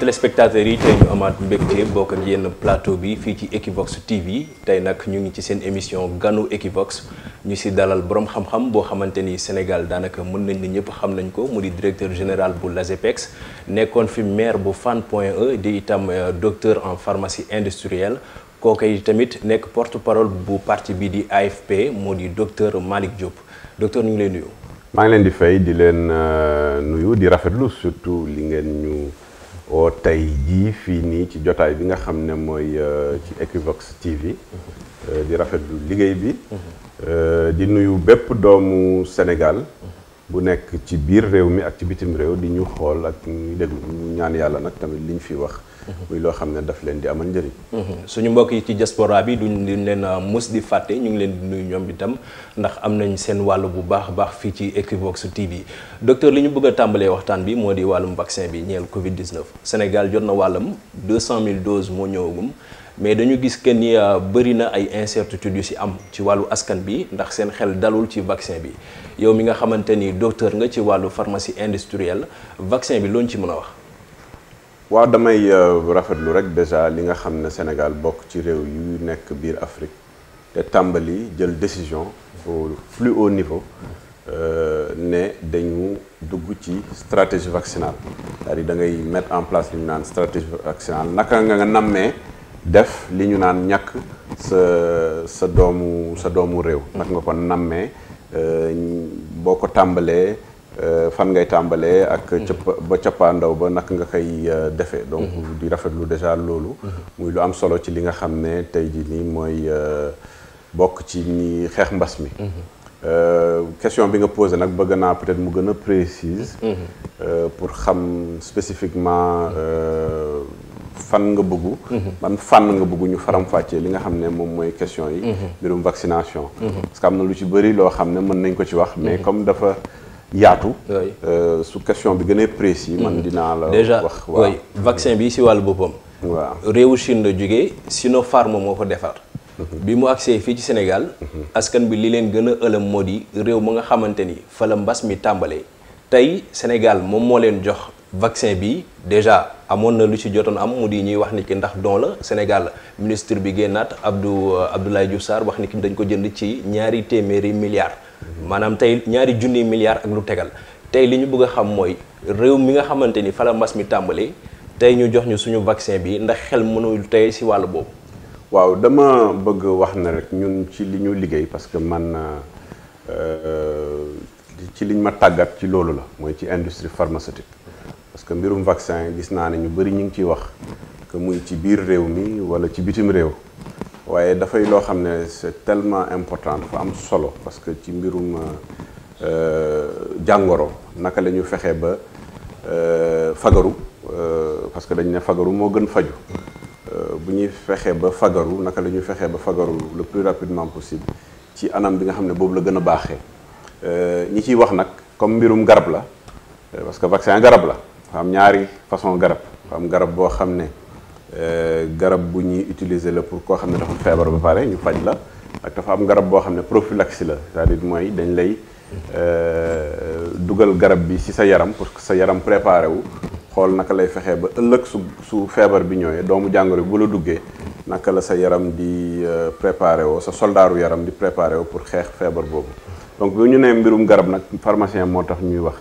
téléspectateurs yi tey ñu amaat mbégte bokk ak yéen plateau bi fii ci Equivox TV tey nag ñu ngi ci seen émission ganu Equivox ñu si dalal boroom xam-xam boo xamante ni Sénégal daanaka mën nañ ne ñëpp xam nañ ko mu di directeur général bu l'ASEPEX nekkoon fi maire bu Fann Point e, di itam euh, docteur en pharmacie industrielle kooku yi tamit nekk porte-parole bu parti bi di AFP moo di docteur Malick Diop docteur ñu ngi leen nuyu. maa ngi leen di fay di leen euh, nuyu di rafetlu surtout li oo tey jii fii nii ci jotaay bi nga xam ne mooy euh, ci Equivox TV euh, di rafetlu liggéey bi euh, di nuyu bépp doomu Sénégal bu nekk ci biir réew mi ak ci bitim réew di ñu xool ak ñu déglu ñu ñaan yàlla nag tamit liñ fi wax muy loo xam ne daf leen di amal njëriñ mhm. suñu mbokk yi ci diaspora bi duñ duñ leen euh, mës di fàtte ñu ngi leen di nuyu ñoom itam ndax am nañ seen wàll bu baax a baax fii ci Equivox TV docteur li ñu bëgg a tàmbalee waxtaan bi moo di wàllum vaccin bi ñeel Covid 19 Sénégal jot na wàllam 200000 doses moo ñëwagum mais dañu gis kenn ni euh, bëri na ay incertitudes yu si am ci wàllu askan bi ndax seen xel dalul ci vaccin bi yow mi nga xamante ni docteur nga ci wàllu pharmacie industrielle vaccin bi looñ ci mën a wax. waaw damay euh, rafetlu rek déjà li nga xam ne Sénégal bokk ci réew yu nekk biir Afrique te tàmbali jël décision au plus haut niveau euh, ne dañu dugg ci stratégie vaccinale cest à da ngay mettre en place li ñu naan stratégie vaccinale naka nga nga nammee def li ñu naan ñàkk sa sa doomu sa doomu réew naka nga ko nammee euh, boo ko tàmbalee Euh, fan ngay tàmbalee ak cëppa ba cappaandaw ba naka nga koy euh, defe donc mhm. di rafetlu déjà loolu mhm. muy lu am solo ci li nga xam ne tey jii nii mooy euh, bokk ci ñi xeex mbas mi mhm. question bi nga posé nag bëgg naa peut-être mu gën a précise pour xam spécifiquement fan nga bëggu man fànn nga bëggu ñu faram-fàccee li nga xam ne moom mooy question yi mbirum vaccination parce am na lu ci bëri loo xam ne mën nañ ko ci wax mais comme dafa yaatu. Euh, su question bi gën a précis. man mm-hmm. dinaa la wax waaw vaccin bi si wàllu boppam. waaw réewu Chine la jógee Sinopharm moo ko defar. Mm-hmm. bi mu agsee fii ci Sénégal. Mm-hmm. askan bi li leen gën a ëlëm moo di réew mu nga xamante ni fa mbas mi tàmbalee. tey Sénégal moom moo leen jox vaccin bi déjà amoon na lu ci jotoon am mu di ñuy wax ni ki ndax don la Sénégal ministre bi génnaat Abdou Abdoulaye Diouf Sarr wax ni ki dañ ko jënd ci ñaari téeméeri milliards. maanaam tey ñaari junni milliards ak lu tegal tey li ñu bëgg xam mooy réew mi nga xamante ni fa mbas mi tàmbali tey ñu jox ñu suñu vaccin bi ndax xel mënul tey si wàll boobu. waaw dama bëgg wax na rek ñun ci li ñu liggéey parce que man euh, ci liñ ma tàggat ci loolu la mooy ci industrie pharmaceutique parce que mbirum vaccin gis naa ne ñu bëri ñu ngi ciy wax que muy ci biir réew mi walla ci bitim réew. waaye dafay loo xam ne c'est tellement important dafa am solo parce que ci mbirum euh, jàngoro naka la ñu fexe ba euh, fagaru euh, parce que dañ ne fagaru moo gën faju bu ñuy fexe ba fagaru naka la ñuy fexe ba fagaru le plus rapidement possible ci anam bi nga xam ne boobu la gën a baaxee ñi ciy wax nag comme mbirum garab la parce que vaccin garab la am ñaari façon garab am garab boo xam ne Euh, garab bu ñuy utiliser la pour koo xam ne dafa feebar ba pare ñu faj la ak dafa am garab boo xam ne prophylaxie la c'est-à-dire mooy dañ lay euh, dugal garab bi ci sa yaram pour que sa yaram préparé wu xool naka lay fexee ba ëllëg su su feebar bi ñëwee doomu jàngoro bi bu la duggee naka la sa yaram di euh, préparé woo sa soldaaru yaram di préparé woo pour xeex feebar boobu donc bu ñu nee mbirum garab nag pharmacien moo tax ñuy wax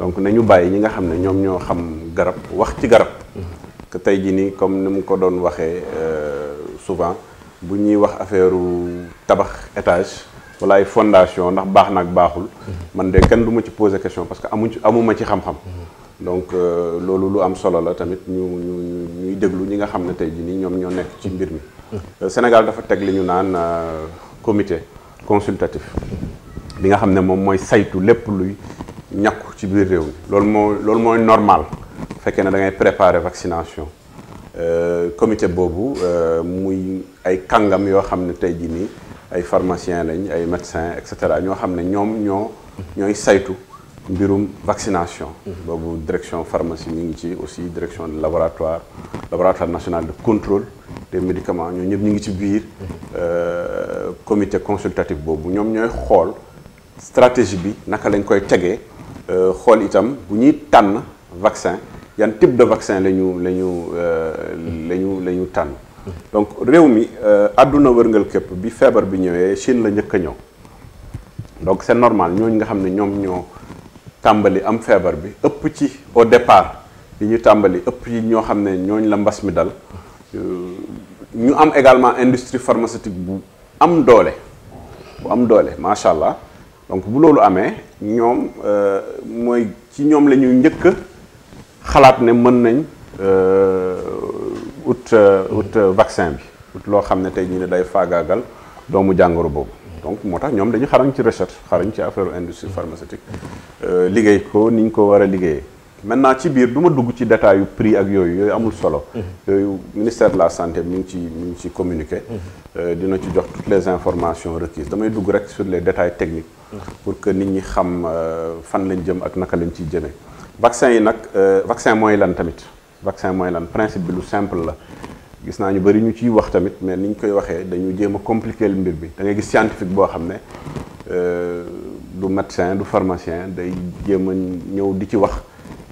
donc ñu bàyyi ñi nga xam ne ñoom ñoo xam garab wax ci garab tey jii nii comme ni mu ko doon waxee euh, souvent bu ñuy wax affaire tabax étage wala ay fondation ndax baax na ak baaxul mhm. man de kenn du ma ci poser question parce que amu ci amuma ci xam-xam mhm. donc euh, loolu lu am solo la tamit ñu ñu ñuy déglu ñi nga xam ne tey jii nii ñoom ñoo nekk ci mbir mi mhm. euh, Sénégal dafa teg li ñu naan comité consultatif bi nga xam ne moom mooy saytu lépp luy ñàkku ci biir réew mi loolu moo loolu mooy normal bu fekkee ne da ngay préparer vaccination euh, comité boobu euh, muy ay kàngam yoo xam ne tey jii nii ay pharmaciens lañ ay médecins et cetera ñoo xam ne ñoom ñoo ñooy saytu mbirum vaccination mhm. boobu direction pharmacie ñu ngi ci aussi direction de laboratoire laboratoire national de contrôle des médicament ñoo ñëpp ñu ngi ci biir mhm. euh, comité consultatif boobu ñoom ñooy xool stratégie bi naka lañ koy tegee xool itam bu ñuy tànn vaccin yan type de vaccin la ñu lañu euh, ñu la ñu la tànn donc réew mi euh, àdduna wërngal képp bi feebar bi ñëwee Chine la njëkk a ñëw donc c'est normal ñooñu nga xam ne ñoom ñoo tàmbali am feebar bi ëpp ci au départ yi ñu tàmbali ëpp yi ñoo xam ne ñooñu la mbas mi dal euh, ñu am également industrie pharmaceutique bu am doole bu am doole macha allah donc bu loolu amee ñoom mooy ci ñoom la ñuy njëkk xalaat ne mën nañ euh, ut euh, ut euh, vaccin bi ut loo xam ne tey ñu ne day faagaagal doomu jàngoro boobu donc moo tax ñoom dañu xarañ ci recherche xarañ ci affaire industrie pharmaceutique liggéey ko ni ñu ko war a liggéeyee maintenant ci biir du ma dugg ci détail yu prix ak yooyu yooyu amul solo mm-hmm. yooyu ministère de la santé mi ngi ci mi ngi communiqué mm-hmm. dina ci jox toutes les informations requises damay dugg rek sur les technique mm-hmm. pour que nit ñi xam fan lañ jëm ak naka lañ ciy jëmee vaccin yi nag euh, vaccin mooy lan tamit vaccin mooy lan principe bi lu simple la gis naa ñu bëri ñu ciy wax tamit mais ni ñu koy waxee dañu jéem a compliquer mbir bi da gis scientifique boo xam ne euh, du médecin du pharmacien day jéem a ñëw di ci wax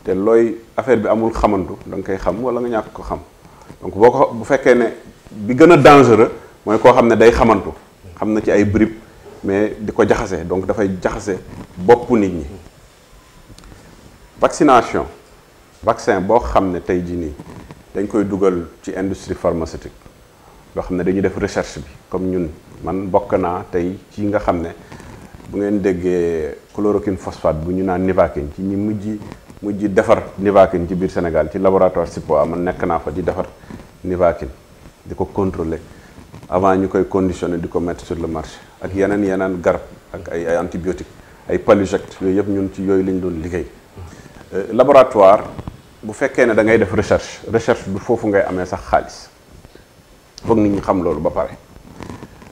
te looy affaire bi amul xamantu da nga koy xam wala nga ñàkk ko xam donc boo ko bu fekkee ne bi gën a dangereux mooy koo xam ne day xamantu xam na ci ay bribes mais di ko jaxase donc dafay jaxase boppu nit ñi vaccination vaccin boo xam ne tey jii nii dañ koy dugal ci industrie pharmaceutique yoo xam ne dañuy def recherche bi comme ñun man bokk naa tey ci nga xam ne bu ngeen déggee chloroquine phosphate bu ñu naan Nivaquine ci ñi mujj mujji defar Nivaquine ci biir Sénégal ci laboratoire SIPOA man nekk naa fa di defar Nivaquine di ko contrôler avant ñu koy conditionner di ko mettre sur le marché ak yeneen yeneen garab ak ay ay antibiotiques ay Paluject yooyu yëpp ñun ci yooyu lañ doon liggéey. Euh, laboratoire bu fekkee ne da ngay def recherche recherche du foofu ngay amee sax xaalis foog nit ñi xam loolu ba pare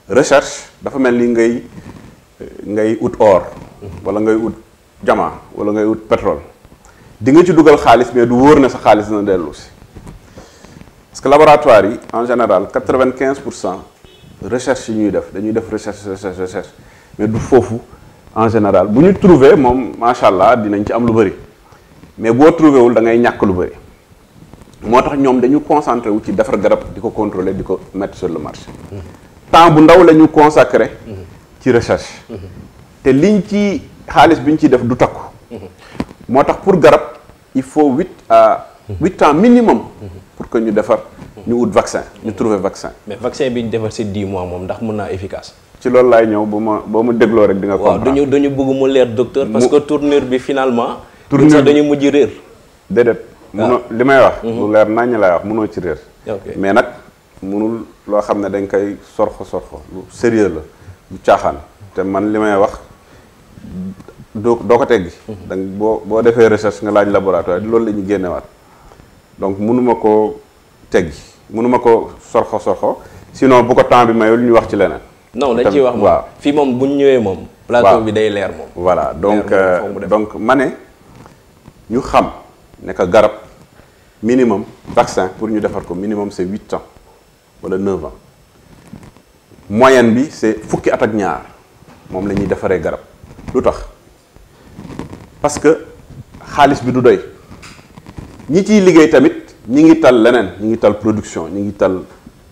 recherche dafa mel nii ngay ngay ut or wala ngay ut jamaa wala ngay ut pétrole di nga ci dugal xaalis mais du wóor na sa xaalis dina dellu si parce que laboratoire yi en général quatre-vingt-quinze pour cent recherche yi ñuy def dañuy def recherche recherche recherche mais du foofu en général bu ñu trouver moom macha allah dinañ ci am lu bëri. mais boo trouvé wul da ngay ñàkk lu bëri moo tax ñoom dañu concentré wu ci defar garab di ko contrôler di ko mettre sur le marché temps bu ndaw la ñu consacré ci recherche te liñ ci xaalis bi ñu ciy def du takku moo tax pour garab il faut huit à huit ans minimum pour que ñu defar ñu wut vaccin ñu trouver vaccin mais vaccin bi ñu defar si dix mois moom ndax mun naa efficace ci loolu laay ñëw ba ma boo ma dégloo rek di nga comprendre waaw dañu dañu bëgg mu leer docteur parce que tournure bi finalement tournure sax dañuy mujj réer. déedéet. Ah. mënoo li may wax. Mhm. lu leer naññ laay wax munoo ci réer. mais nag munul loo xam ne dañ koy sorxo sorxo lu sérieux la lu caaxaan te man li may wax doo doo ko teggi. Mhm. da boo boo defee recherche nga laaj laboratoire loolu la génnewaat donc mënuma koo teggi mënuma ko sorxo sorxo sinon bu ko temps bi lu ñu wax ci leneen. non dañ ciy wax moom waaw moom bu ñu ñëwee moom. plateau bi day leer moom. voilà donc euh, donc ma ñu xam nekk que garab minimum vaccin pour ñu defar ko minimum c'est huit ans wala neuf ans moyen bi c'est fukki at ak ñaar moom lañuy defaree garab lu tax parce que xaalis bi du doy ñi ciy liggéey tamit ñi ngi tal leneen ñi ngi tal production ñi ngi tal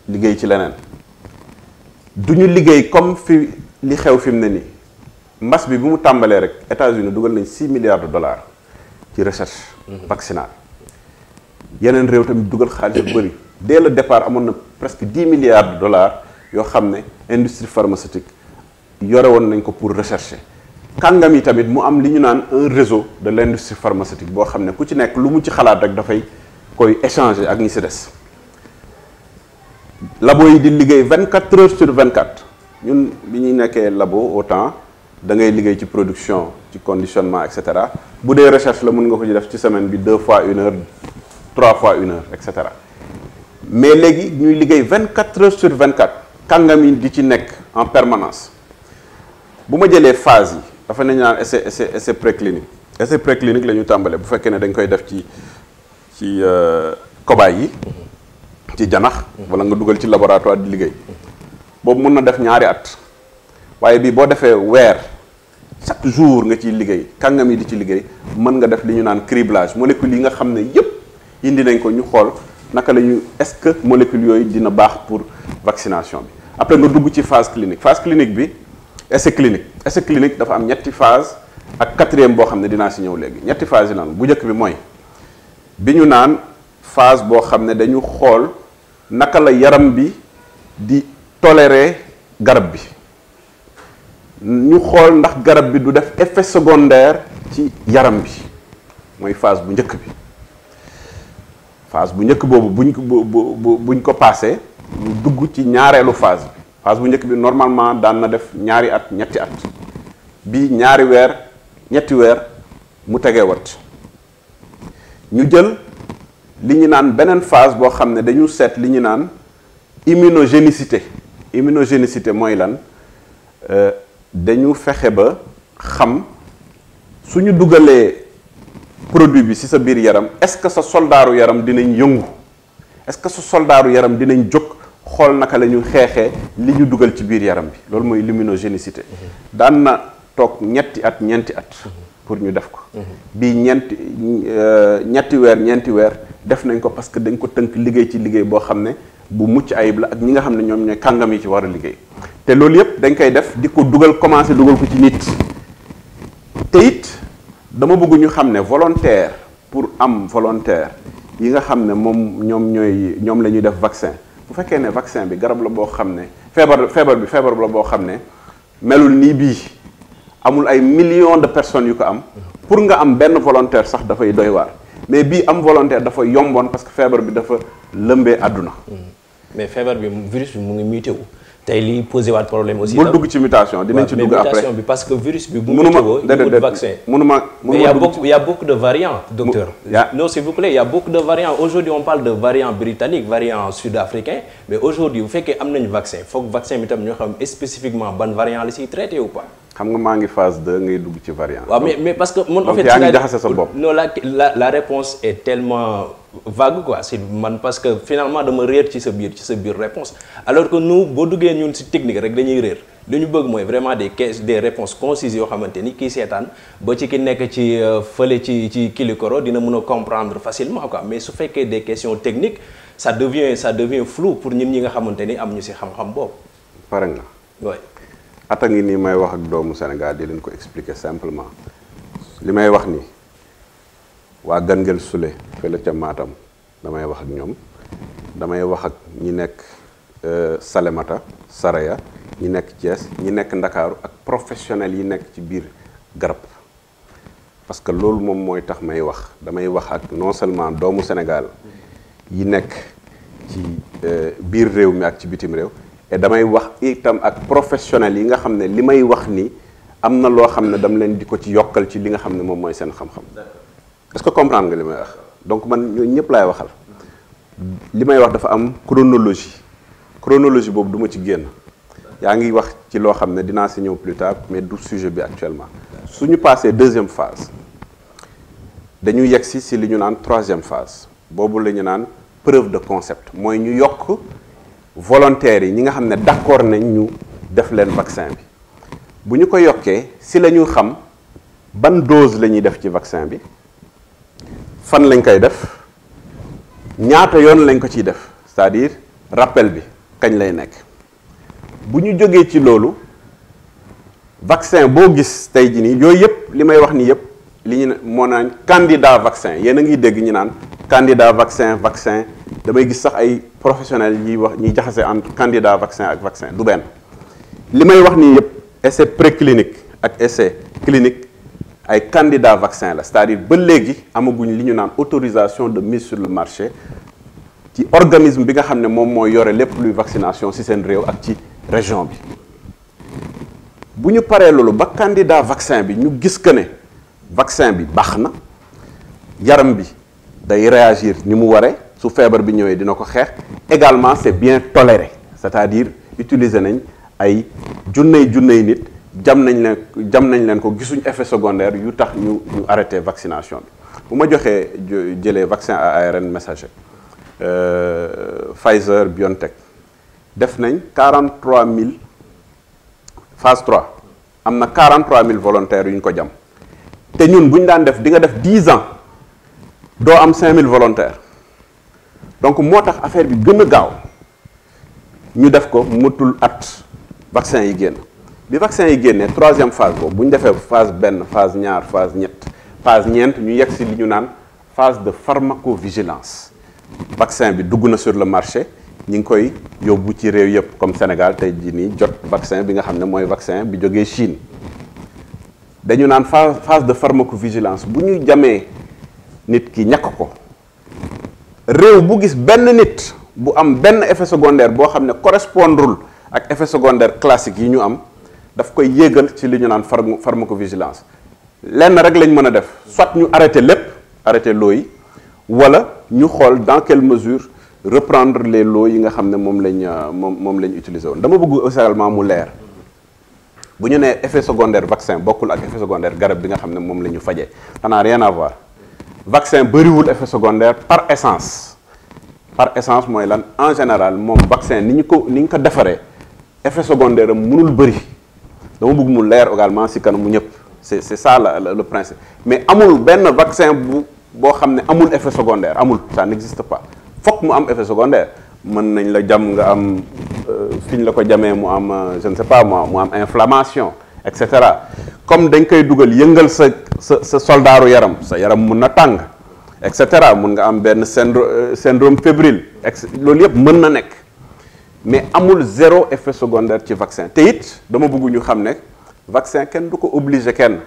liggéey ci leneen du ñu liggéey comme fi li xew fi mu ne nii mbas bi bi mu tàmbalee rek États-Unis dugal nañ six milliards de ci recherche vaccinale yeneen réew tamit dugal xaalis bu bëri dès le départ amoon na presque dix milliards de dollars yoo xam ne industrie pharmaceutique yore woon nañ ko pour rechercher kàngam yi tamit mu am li ñu naan un réseau de l' industrie pharmaceutique boo xam ne ku ci nekk lu mu ci xalaat rek dafay koy échanger ak ñi si des labo yi di liggéey vingt quatre heures sur vingt quatre ñun bi ñuy nekkee labo au temps da ngay liggéey ci production ci conditionnement et cetera bu dee recherche la mun nga ko ci def ci semaine bi deux fois une heure trois fois une heure et cetera mais léegi ñuy liggéey vingt quatre heures sur vingt quatre kàngam yi di ci nekk en permanence bu ma jëlee phase yi dafa ne ñu naan essai essai essai préclinique essai préclinique la ñu tàmbalee bu fekkee ne dañ koy def ci ci euh, cobaye yi ci janax wala nga dugal ci laboratoire di liggéey boobu mun na def ñaari at waaye bii boo defee weer chaque jour nga ciy liggéey kàngam yi di ci liggéey mën nga def li ñu naan criblage molécules yi nga xam ne yëpp indi nañ ko ñu xool naka la ñu est-ce que molécules yooyu dina baax pour vaccination bi après nga dugg ci phase clinique phase clinique bi essai clinique essai clinique dafa am ñetti phase ak quatrième boo xam ne dinaa si ñëw léegi ñetti phase yi lan bu njëkk bi mooy bi ñu naan phase boo xam ne dañu xool naka la yaram bi di tolérer garab bi ñu xool ndax garab bi du def effet secondaire ci yaram bi mooy phase bu njëkk bi phase bu njëkk boobu buñ ko buñ ko passé mu dugg ci ñaareelu phase bi phase bu njëkk bi normalement daan na def ñaari at ñetti at bi ñaari weer ñetti weer mu tegee wat ñu jël li ñu naan beneen phase boo xam ne dañu seet li ñu naan immunogénicité immunogénicité mooy lan euh, dañu fexe ba xam suñu dugalee produit bi ci sa biir yaram est-ce que sa soldaaru yaram dinañ yëngu est-ce que sa soldaaru yaram dinañ jóg xool naka la ñu xeexee li ñu dugal ci biir yaram bi loolu mooy luminogénicité daan na toog ñetti at ñeenti at pour ñu def ko bii ñeenti euh, ñetti weer ñeenti weer def nañ ko parce que dañ ko tënk liggéey ci liggéey boo xam ne bu mucc ayib la ak ñi nga xam ne ñoom ñooy kàngam yi ci war a liggéey te loolu yëpp dañ koy def di ko dugal commencé dugal ko ci nit te it dama bëgg ñu xam ne volontaire pour am volontaire yi nga xam ne moom ñoom ñooy ñoom la ñuy def vaccin bu fekkee ne vaccin bi garab la boo xam ne feebar feebar bi feebar la boo xam ne melul nii bii amul ay millions de personnes yu ko am pour nga am benn volontaire sax dafay doy waar mais bii am volontaire dafa yomboon parce que feebar bi dafa lëmbee àdduna mm. mais feebar bi virus bi mu ngi muté wu tey li posé waat problème aussi. bul dugg ci mutation dinañ ci dugg après mutation bi parce que virus bi. bu muté woo mënuma vaccin mënuma mais il y a beaucoup il y a beaucoup de variants docteur. non s'il vous plaît il y a beaucoup de variants aujourd'hui on parle de variant britannique variant sud-africain mais aujourd'hui bu fekkee am nañu vaccin foog vaccin bi tam ñoo xam spécifiquement ban variant la siy traité ou pas. xam nga maa ngi phase 2 ngay dugg ci variant. waaw mais mais parce que man. en fait yaa ngi jaxase sa bopp non la la la réponse est tellement vague quoi si man parce que finalement dama réer ci sa biir ci sa biir réponse alors que nu boo duggee ñun si technique rek dañuy réer li ñu bëgg mooy vraiment des caisses des réponses concises yoo xamante ni kii seetaan ba ci ki nekk ci euh, fële ci ci kilikoro dina mën a comprendre facilement quoi mais su fekkee des questions techniques ça devient ça devient pour ñun ñi nga xamante ni am ñu si xam-xam boobu. pare nga. at a ngi nii may wax ak doomu Sénégal di leen ko expliquer simplement li may wax ni waa Ganguel Soule fële ca damay wax ak ñoom damay wax ak ñi nekk euh, Salemata Saraya ñi nekk Thiès ñi nekk Ndakaaru ak professionnels yi nekk ci biir garab parce que loolu moom mooy tax may wax damay wax ak non seulement doomu Sénégal yi nekk ci euh, biir réew mi ak ci bitim réew te damay wax itam ak professionnels yi nga xam ne li may wax ni am na loo xam ne dam leen di ko ci yokkal ci li nga xam ne moom mooy seen xam-xam est-ce que comprendre nga li may wax donc man ñooñu ñëpp laay waxal li may wax dafa am chronologie chronologie boobu duma ci génn yaa ngi wax ci loo xam ne dinaa si ñëw plus tard mais du sujet bi actuellement suñu passé deuxième phase dañu yegg si si li ñu naan troisième phase boobu la ñu naan preuve de concept mooy ñu yokk volontaires yi ñi nga xam ne d'accord nañ ñu def leen vaccin bi bu ñu ko yokkee si lañu xam ban dose lañuy def ci vaccin bi fan lañ koy def ñaata yoon lañ ko ciy def c'est-à-dire rappel bi kañ lay nekk bu ñu jógee ci loolu vaccin boo gis tey jii nii yooyu yëpp li may wax nii yëpp li ñu moo naan candidat vaccin yéen a ngi dégg ñu naan candidat vaccin vaccin damay gis sax ay professionnels ñuy wax ñuy jaxase entre candidat vaccin ak vaccin du benn li may wax nii yëpp essai clinique ak essai clinique ay candidat vaccin la cest ba léegi amaguñ li ñu naan autorisation de mise sur le marché ci organisme bi nga xam ne moom mooy yore lépp luy vaccination si seen réew ak ci région bi bu ñu paree loolu ba candidat vaccin bi ñu gis que ne vaccin bi baax na yaram bi day réagir ni mu waree su feebar bi ñëwee dina ko xeex également c'est bien toléré c'est-à-dire utiliser nañ ay junney junney nit jam nañ leen jam nañ leen ko gisuñ effet secondaire yu tax ñu ñu arrêté vaccination bi bu ma joxee jëlee vaccin à ARN messager euh, Pfizer BioNTech def nañ 43 000 phase 3 am na 43 mille volontaires yu ñu ko jam te ñun bu ñu daan def di def 10 ans. doo am 5000 volontaires donc moo tax affaire bi gën a gaaw ñu def ko mëtul at vaccin yi génn bi vaccin yi génnee troisième phase boobu bu ñu defee phase benn phase ñaar phase ñett ñeent ñu yegg si li ñu naan phase de pharmacovigilance le vaccin bi dugg na sur le marché ñu ngi koy yóbbu ci réew yëpp comme Sénégal tey jii nii jot vaccin bi nga xam ne mooy vaccin bi jogee Chine dañu naan phase phase de vigilance bu ñu jamee nit ki ñàkk ko réew bu gis benn nit bu am benn effet secondaire boo xam ne correspondrul ak effet secondaire classique yi ñu am daf koy yéegal ci li ñu naan pharmacovigilance lenn rek lañ mën a def soit ñu arrêté lépp arrêté loo yi wala ñu xool dans quelle mesure reprendre les lots yi nga xam ne moom lañ euh, moom moom lañ utiliser woon dama bëgg également mu leer bu ñu nee effet secondaire vaccin bokkul ak effet secondaire garab bi nga xam ne moom la ñu fajee xanaa rien à vaccin bëriwul effet secondaire par essence par essence mooy lan en général moom vaccin ni ñu ko ni ñu ko defaree effet secondaire am mënul bëri dama bëgg mu leer également si mu ñëpp c'est c'est ça la le principe mais amul benn vaccin bu boo xam ne amul effet secondaire amul ça n'existe pas fokk mu am effet secondaire mën nañ la jam nga am euh, fi ñu la ko jamee mu am euh, je ne sais pas mu am inflammation et cetera comme dañ koy dugal yëngal sa sa sa soldaaru yaram sa yaram mun na tàng et cetera mun nga am benn syndrome euh, syndrome fébrile et loolu yëpp mën na nekk mais amul zéro effet secondaire ci vaccin te it dama bëgg ñu xam ne vaccin kenn du ko obligé kenn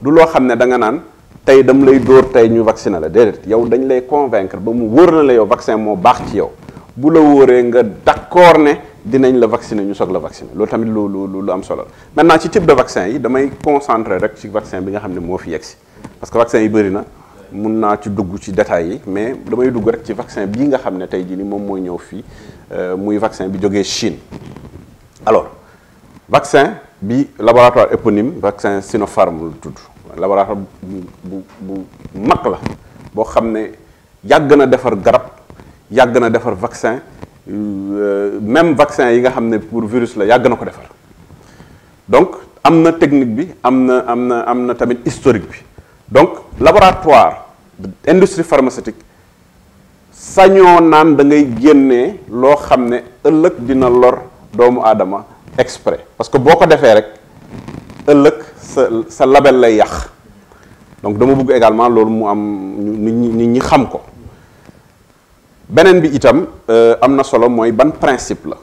du loo xam ne da nga naan tey dam lay dóor tey ñu vacciné la déedéet yow dañ lay convaincre ba mu wóor na la yow vaccin moo baax ci yow bu la wóoree nga d'accord ne dinañ la vacciner ñu soog la vacciner loolu tamit lu lu lu am solo la naa ci type de vaccin yi damay concentrer rek ci vaccin bi nga xam ne moo fi yegg si parce que vaccin yi bëri na mun naa ci dugg ci détails yi mais damay dugg rek ci vaccin bii nga xam ne tey jii ni moom mooy ñëw fii euh, muy vaccin bi jógee Chine alors vaccin bi laboratoire éponyme vaccin Sinopharm lu tudd laboratoire bu bu bu mag la boo xam ne yàgg na defar garab yàgg na defar vaccin Euh, même vaccin yi nga xam ne pour virus la yàgg na ko defar donc am na technique bi am na am na am na tamit historique bi donc laboratoire industrie pharmaceutique sañoo naan da ngay génnee loo xam ne ëllëg dina lor doomu aadama exprès parce que boo ko defee rek ëllëg sa sa label lay yàq donc dama bugg également loolu mu am nit ñi nit ñi xam ko beneen bi itam euh, am na solo mooy ban principe la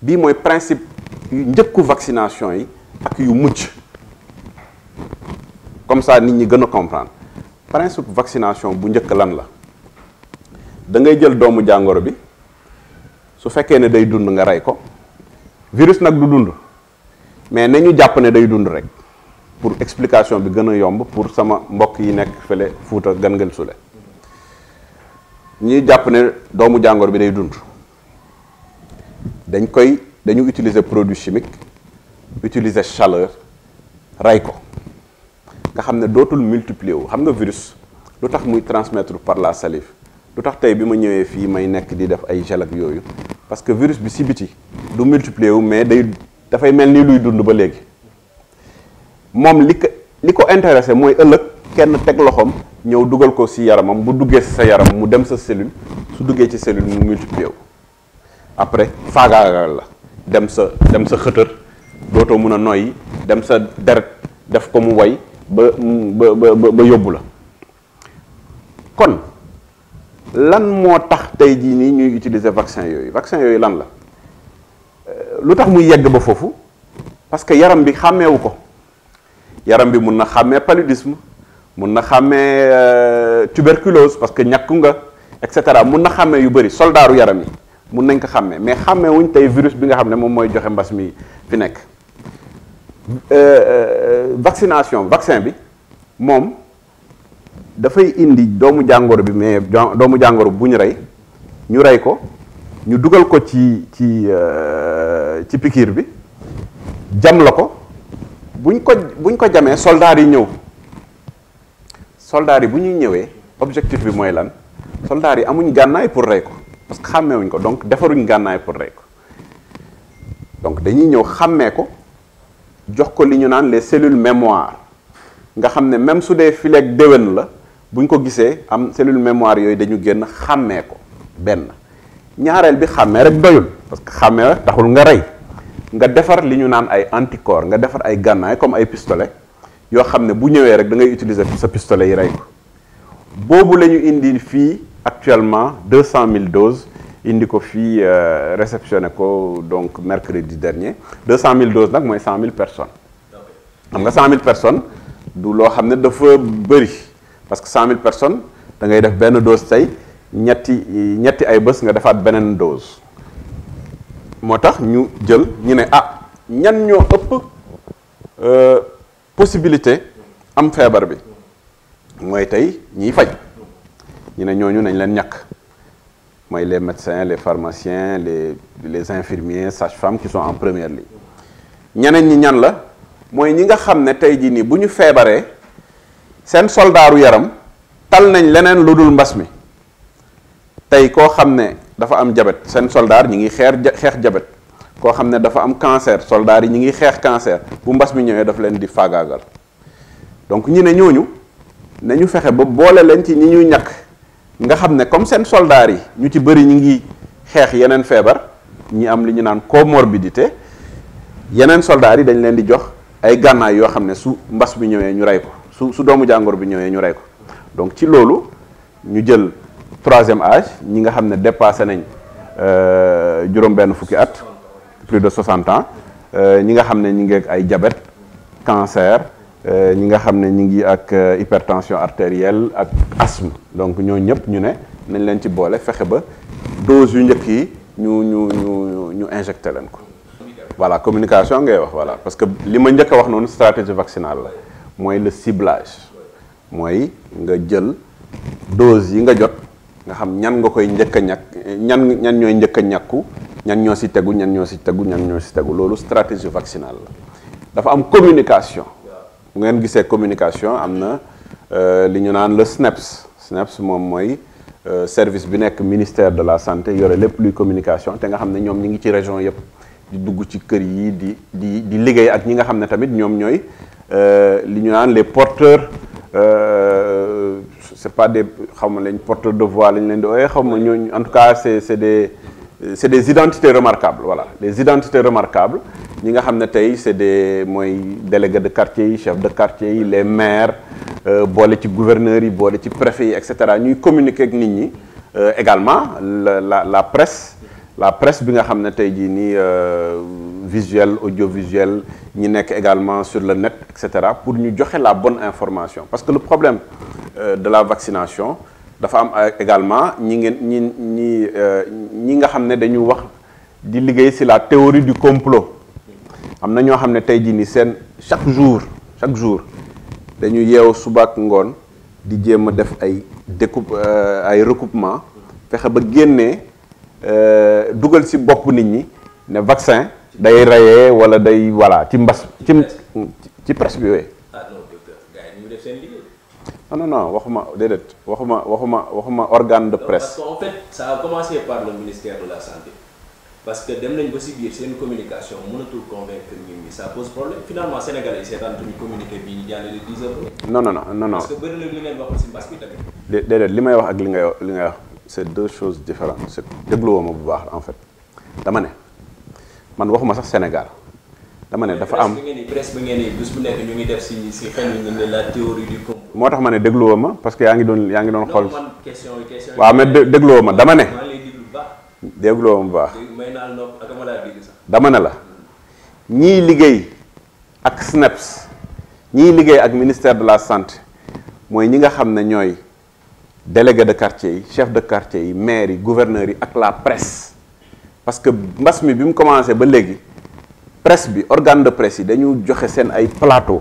bii mooy principe njëkku vaccination yi ak yu mucc comme ça nit ñi gën a comprendre principe vaccination bu njëkk lan la da ngay jël doomu jàngoro bi su fekkee ne day dund nga rey ko virus nag du dund mais na ñu jàpp ne day dund rek pour explication bi gën a yomb pour sama mbokk yi nekk fële Fuuta Gàngael Sule ñi jàpp ne doomu jàngoro bi day dund dañ koy dañu utiliser produit chimique utiliser chaleur rey ko nga xam ne dootul multiplier wu xam nga virus lu tax muy transmettre par la salive lu tax tey bi ma ñëwee fii may nekk di def ay gel yooyu parce que virus bi si biti du multiplier wu mais day dafay mel nii luy dund ba léegi moom li ko li ko intéressé mooy ëllëg kenn teg loxoom ñëw dugal ko si yaramam bu duggee si sa yaram mu dem sa cellule su duggee ci cellule mu multiplier wu après faagaagal la dem sa dem sa xëtër dootoo mun a noyyi dem sa deret def ko mu woy ba ba ba yóbbu la kon lan moo tax tey jii nii ñuy utiliser vaccin yooyu vaccin yooyu lan la euh, lu tax mu yegg ba foofu parce que yaram bi xàmmeewu ko yaram bi mun na xàmmee paludisme mun na xàmmee euh, tuberculose parce que ñàkku nga et cetera mun na xàmmee yu bëri soldaaru yaram yi mun nañ ko xàmmee mais xàmmee wuñ tey virus bi nga xam ne moom mooy joxe mbas mi fi nekk euh, euh, vaccination vaccin bi moom dafay indi doomu jàngoro bi mais doomu jàngoro bu ñu rey ñu rey ko ñu dugal ko ci ci ci pikiir bi jam la ko buñ ko buñ ko jamee soldaar yi ñëw soldats yi bu ñuy ñëwee objectif bi mooy lan soldats yi amuñ gànnaay pour rey ko parce que xàmmeewuñ ko donc defaruñ gànnaay pour rey ko donc dañuy ñëw xàmmee ko jox ko li ñu naan les cellules mémoire nga xam ne même su dee fileeg déwén la buñ ko gisee am cellule mémoire yooyu dañu génn xàmmee ko benn ñaareel bi xàmmee rek doyul parce que xàmmee taxul nga rey nga defar li ñu naan ay anticorps nga defar ay gànnaay comme ay pistolet yoo xam ne bu ñëwee rek da ngay utiliser sa pistolet yi rey ko boobu la ñu indi fii actuellement deux cent mille doses indi ko fii euh, réceptionné ko donc mercredi dernier deux cent mille doses nag mooy cent mille personnes xam nga cent mille personnes du loo xam ne dafa bëri parce que cent mille personnes da def benn dose tey ñetti ñetti ay bës nga defaat beneen dose moo tax ñu jël ñu ne ah ñan ñoo ëpp euh, possibilité am feebar bi mooy tey ñiy faj ñu ne ñooñu nañ leen ñàkk mooy les médecins les pharmaciens les les infirmiers sages-femmes qui sont en première ligne ñeneen ñi ñan la mooy ñi nga xam ne tey jii nii bu ñu feebaree seen soldaaru yaram tal nañ leneen lu dul mbas mi tey koo xam ne dafa am jabet seen soldaar ñi ngi xeer xeex jabet koo xam ne dafa am cancer soldats yi ñu ngi xeex cancer bu mbas mi ñëwee dafa leen di faagaagal donc ñi ne ñooñu ñu fexe ba boole leen ci ñi ñu ñàkk nga xam ne comme seen soldats yi ñu ci bëri ñu ngi xeex yeneen feebar ñi am li ñu naan comorbidité yeneen soldats yi dañ leen di jox ay gànnaay yoo xam ne su mbas mi ñëwee ñu rey ko su su doomu jàngoro bi ñëwee ñu rey ko donc ci loolu ñu jël troisième âge ñi nga xam ne dépassé nañ euh, juróom-benn fukki at. plus de 60 ans euh, ñi nga xam ne ñu ngi ak ay diabète cancer euh, ñi nga xam ne ñu ngi ak euh, hypertension artérielle ak asthme donc ñoo ñëpp ñu ne nañ leen ci boole fexe ba dose yu njëkk yi ñu ñu ñu ñu injecté leen ko voilà communication ngay wax voilà parce que li ma njëkk a wax noonu stratégie vaccinale la mooy le ciblage mooy nga jël dose yi nga jot nga xam ñan nga koy njëkk a ñàkk ñan ñooy njëkk a ñàkku ñan ñoo si tegu ñan ñoo si tegu ñan ñoo si tegu loolu stratégie vaccinale la dafa am communication bu ngeen gisee communication am na euh, li ñu naan le SNEPS SNEPS moom mooy euh, service bi nekk ministère de la santé yore lépp luy communication te nga xam ne ñoom ñi ngi ci région yëpp di dugg ci kër yi di di di liggéey ak ñi nga xam ne tamit ñoom ñooy euh, li ñu naan les porteurs c'est pas des xaw ma lañ porteurs de voix lañ leen di ooyee xaw ma ñooñu en tout cas c'est des Euh, c'est des identités remarquables voilà les identités remarquables ñi nga xam ne tey c'est des mooy délégués de quartier yi chefs de quartier yi les maire euh, boole ci gouverneur yi boole ci préfets yi et cetera ñuy communiquer nit ñi euh, également la la la la presse bi nga xam ne tey jii nii visuel audiovisuel ñi nekk également sur le net et cetera pour ñu joxe la bonne information parce que le problème de la vaccination dafa am euh, également ñi ngeen ñi ñi euh, ñi nga xam ne dañu wax di liggéey si la théorie du complot am na ñoo xam ne tey jii ni seen chaque jour chaque jour dañu yeew suba ak ngoon di jéem a def ay découp euh, ay recoupement fexe ba génnee dugal si bopp nit ñi ne vaccin day rayee walla day voilà ci mbas ci ci presse bi wee non ah, non non waxuma déedéet waxuma waxuma waxuma organe de presse. parce que en fait ça a commencé par le ministère de la santé parce que dem nañ ba si biir seen communication mënatul convaincre nit ñi ça pose problème finalement sénégalais yi seetaantuñu communiqué bii ñu jàllale di 10 heures. non non non non parce que bëri na lu ngeen wax si mbas bi tamit. déedéet li may wax ak li ngay li ngay wax c' est deux choses différentes c' est dégluwoo ma bu baax en fait dama ne man waxuma sax Sénégal. dama ne dafa am presse bi ngeen di presse bi ngeen di bés bu nekk ñu ngi def si si xel ñu ne la théorie du moo tax ma ne dégluwoo ma parce que yaa ngi doon yaa ngi doon xool. waaw mais dégluwoo ma dama ne. dégluwoo ma baax. dama ne la ñiy liggéey ak SNEPS ñiy liggéey ak ministère de la santé mooy ñi nga xam ne ñooy délégué de quartier yi chef de quartier yi maire yi gouverneur yi ak la presse parce que mbas mi bi mu commencé ba léegi presse bi organe de presse yi dañu joxe seen ay plateau.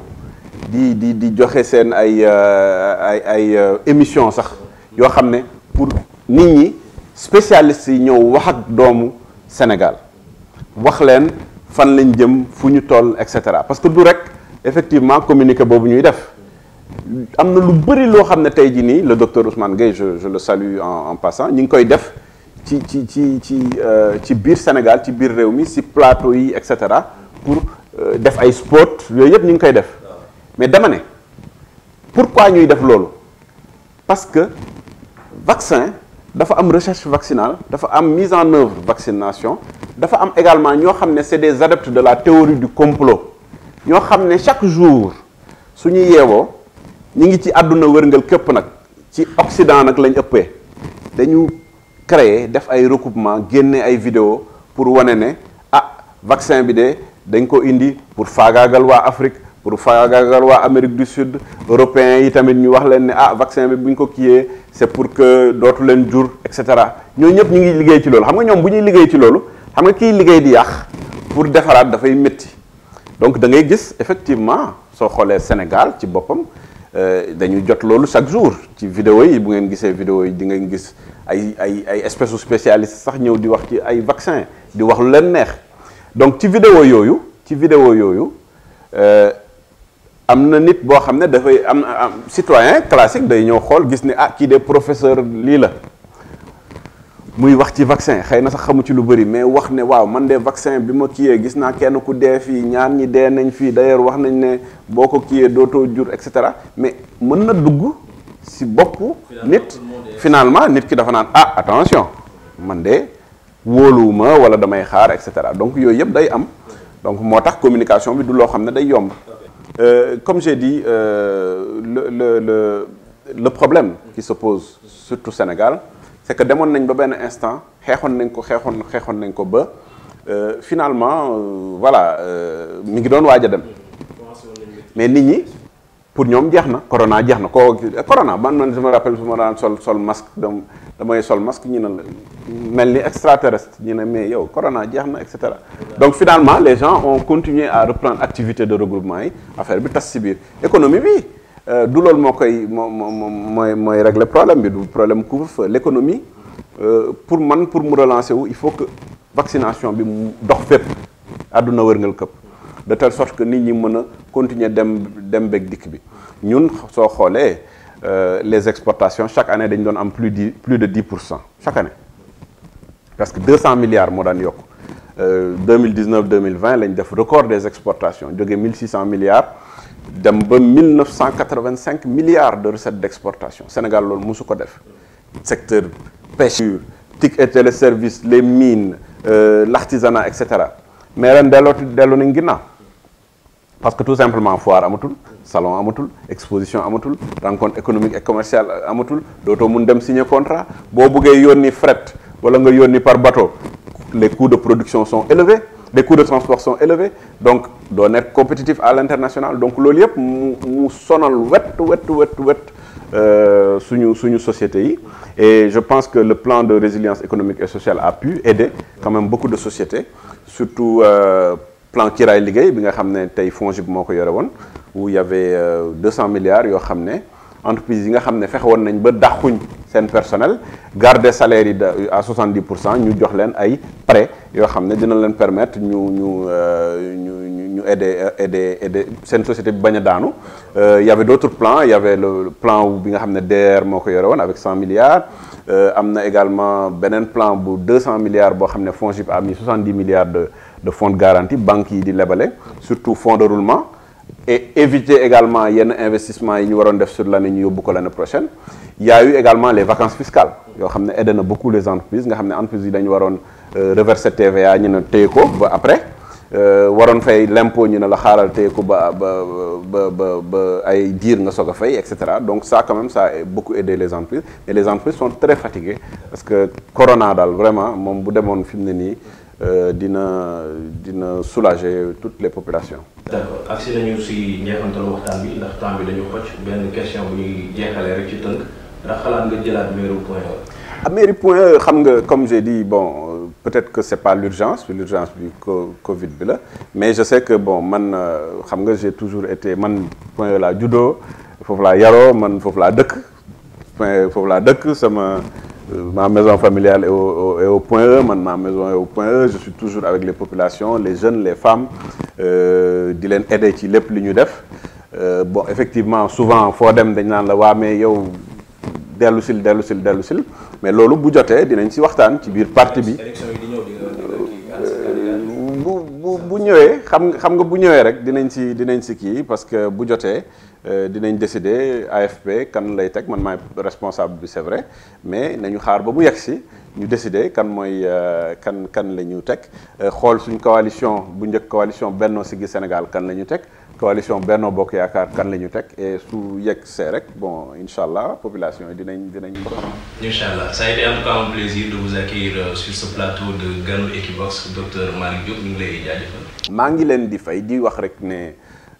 di di di joxe seen ay euh, ay ay euh, émission sax yoo xam ne pour nit ñi spécialiste yi ñëw wax ak doomu Sénégal wax leen fan lañ jëm fu ñu toll et cetera parce que du rek effectivement communiqué boobu ñuy def am na lu bëri loo xam ne tey jii nii le docteur Ousmane Gueye je je le salue en en passant ñu ngi koy def ci ci ci ci euh, ci biir Sénégal ci biir réew mi si plateau yi et cetera pour def ay sport yooyu yëpp ñu ngi koy def. mais dama ne pourquoi ñuy def loolu parce que vaccin dafa am recherche vaccinale dafa am mise en œuvre vaccination dafa am également ñoo xam ne c'est des adeptes de la théorie du complot ñoo xam ne chaque jour suñu yeewoo ñi ngi ci àdduna wërngal képp nag ci Occident nag lañ ëppee dañu créer def ay recoupement génne ay vidéo pour wane ne ah vaccin bi de dañ ko indi pour faagaagal waa Afrique pour faagaagal waa Amérique du Sud européens yi tamit ñu wax leen ne ah vaccin bi bu ñu ko kiiyee c'est pour que dootu leen jur et cetera ñooñu ñëpp ñu ngi liggéey ci loolu xam nga ñoom bu ñuy liggéey ci loolu xam nga kiy liggéey di yàq pour defaraat dafay métti donc da ngay gis effectivement soo xoolee Sénégal ci boppam euh, dañu jot loolu chaque jour ci vidéo yi bu ngeen gisee vidéo yi di ngeen gis ay ay ay espèces u spécialistes sax ñëw di wax ci ay vaccin di wax lu leen neex donc ci vidéo yooyu ci vidéo yooyu euh, am na nit boo xam ne dafay am am citoyen classique day ñëw xool gis ni ah kii de professeur lii la muy wax ci vaccin xëy na sax xamu ci lu bëri mais wax ne waaw man de vaccin bi ma kiiyee gis naa kenn ku dee fii ñaar ñi dee nañ fii d'ailleurs wax nañ ne boo ko kiiyee dootoo jur et cetera mais mën na dugg si bopp nit finalement nit ki dafa naan ah attention man de wóoluwuma wala damay xaar et cetera donc yooyu yëpp day am donc moo tax communication bi du loo xam ne day yomb Euh, comme j'ai dit, euh, le, le, le, problème qui se pose, surtout Sénégal, c'est que demoon nañ ba benn instant xeexoon nañ ko xeexoon xeexoon nañ ko ba euh, finalement euh, voilà euh, mi ngi doon waaj a dem mais nit ñi pour ñoom jeex na corona jeex na koo corona man man je me rappelle su ma daan sol sol masque dem damay sol masque ñu ne la mel ni extraterrestre ñu ne mais yow corona jeex na et cetera donc finalement les gens ont continué à reprendre activité de regroupement yi affaire bi tas si biir économie bi euh, du loolu moo koy moo moo mooy mooy régler problème bi du problème couvre-feu l'économie euh, pour man pour mu relancer wu il faut que vaccination bi mu dox fépp àdduna wërngal këpp de tell sorte que nit ñi mën a continuer dem dem beeg dikk bi ñun soo xoolee Euh, les exportations chaque année dañu doon am plus de de 10 pour cent chaque année parce que 200 milliards moo daan yokk 2019 2020 lañ def record des exportations jóge 1600 milliards dem ba 1985 milliards de recettes d'exportation Sénégal loolu su ko def secteur pêche TIC et téléservice les mines euh, l'artisanat et cetera mais ren delloo dellu nañ ginnaaw parce que tout simplement foire amatul salon amatul exposition amatul rencontre économique et commerciale amatul dootoo mun dem signer contrat boo bëggee yónni fret wala nga yónni par bato les coûts de production sont élevés les coûts de transport sont élevés donc doo nekk compétitif à l'international donc loolu yëpp mu mu sonal wet wet wet wet euh, suñu suñu société yi et je pense que le plan de résilience économique et sociale a pu aider quand même beaucoup de sociétés surtout euh, plan Kiray liggéey bi nga xam ne tey FONGIP moo ko yore woon où il y avait 200 euh, milliards yoo xam ne entreprise yi nga xam ne fexe woon nañ ba daxuñ seen personnel garder salaire yi à 70 pour cent ñu jox leen ay prêts yoo xam ne dina leen permettre ñu ñu euh, ñu ñu aider euh, aider aider seen société bi bañ a daanu il y avait d'autres plans il le plan bi nga xam ne DR moo ko yore woon avec 100 milliards am na également beneen plan bu 200 milliards boo xam ne FONGIP a mis 70 milliards de fonds de garantie banques yi di lebale surtout fonds de roulement et éviter également yenn investissement yi ñu waroon def sur l'année ñu yóbbu ko l'année prochaine il y a eu également les vacances fiscales yoo xam ne aidé na beaucoup les entreprises nga xam ne entreprises yi dañu waroon euh, reverser TVA ñu ne téye ko ba après euh, waroon fay l'impôt ñu ne la xaaral téye ko ba ba ba ba ba ay diir nga soog a fay et cetera donc ça quand même ça a beaucoup aidé les entreprises et les entreprises sont très fatiguées parce que corona daal vraiment moom bu demoon fi mu ne nii Euh, dina dina soulager toutes les populations. d'accord agsi nañu si ñeexantalu waxtaan bi ndax temps dañu xoj benn question bu ñuy jeexalee rek ci tënk ndax xalaat nga jëlaat mairie point e? ah mairie point e, xam nga comme j'ai dit bon peut-être que c'est pas l'urgence l'urgence bi Covid bi la mais je sais que bon man euh, xam nga j'ai toujours été man point e laa juddoo foofu laa yaroo man foofu laa dëkk point foofu laa dëkk sama. Euh, ma maison familiale est au, au, point E man ma maison est au point E je suis toujours avec les populations les jeunes les femmes euh, di leen aider ci lépp lu ñu def euh, bon effectivement souvent foo dem dañ naan la waa mais yow dellu sil dellu sil dellu sil mais loolu bu jotee dinañ ci waxtaan ci biir parti bi bu ñëwee xam xam nga bu ñëwee rek dinañ si dinañ si kii parce que bu jotee euh, dinañ décider AFP kan lay teg man maay responsable bi c'est vrai mais nañu xaar ba bu yegg si ñu décider kan mooy euh, kan kan la ñu teg euh, xool suñ coalition bu njëkk coalition Benno Siggi Sénégal kan la ñu teg coalition Benno Bokk Yaakaar kan la ñu teg et su yegg rek bon incha allah population yi dinañ dinañ. incha allah ça a été en tout cas un plaisir de vous accueillir euh, sur ce plateau de Ganu Equivox docteur Malick Diop ñu ngi lay jaajëfal. maa ngi leen di fay di wax rek ne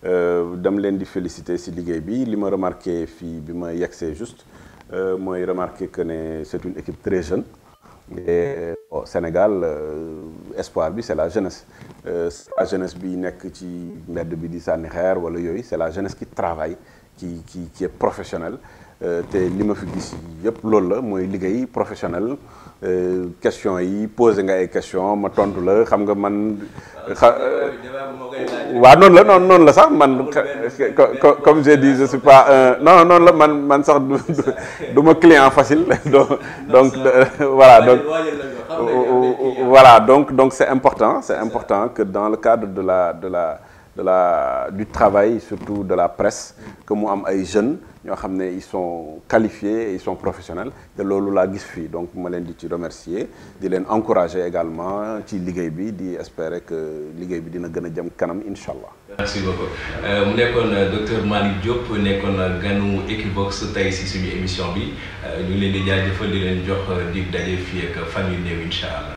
euh, dem leen di féliciter si liggéey bi li ma remarqué fii bi ma yegg see juste euh, mooy remarqué que ne c'est une équipe très jeune. et euh, au Sénégal euh, espoir bi c'est la jeunesse euh, la jeunesse bi nekk ci mbedd bi di sànni xeer wala yooyu c'est la jeunesse qui travaille qui qui qui est professionnelle te li ma fi gis yëpp loolu la mooy liggéey professionnel Euh, question yi posé nga ay question ma tontu la xam nga man. waaw noonu la noonu noonu la sax man comme j'ai dit je suis pas non noonu la man man sax du du ma client facile donc euh, voilà donc voilà donc donc c'est important c'est important que dans le cadre de la de la de la du travail surtout de la presse que mu am ay jeunes ñoo xam ne ils sont qualifiés et ils sont te loolu laa gis fii donc ma leen di ci remercier di leen encourager également ci liggéey bi di espérer que liggéey bi dina gën a jëm kanam incha allah. merci beaucoup euh, mu nekkoon euh, docteur Malick Diop nekkoon euh, ganu Equivox tey si suñu émission bi ñu ngi leen di jaajëfal di leen jox dig daje fii ak fan yu néew incha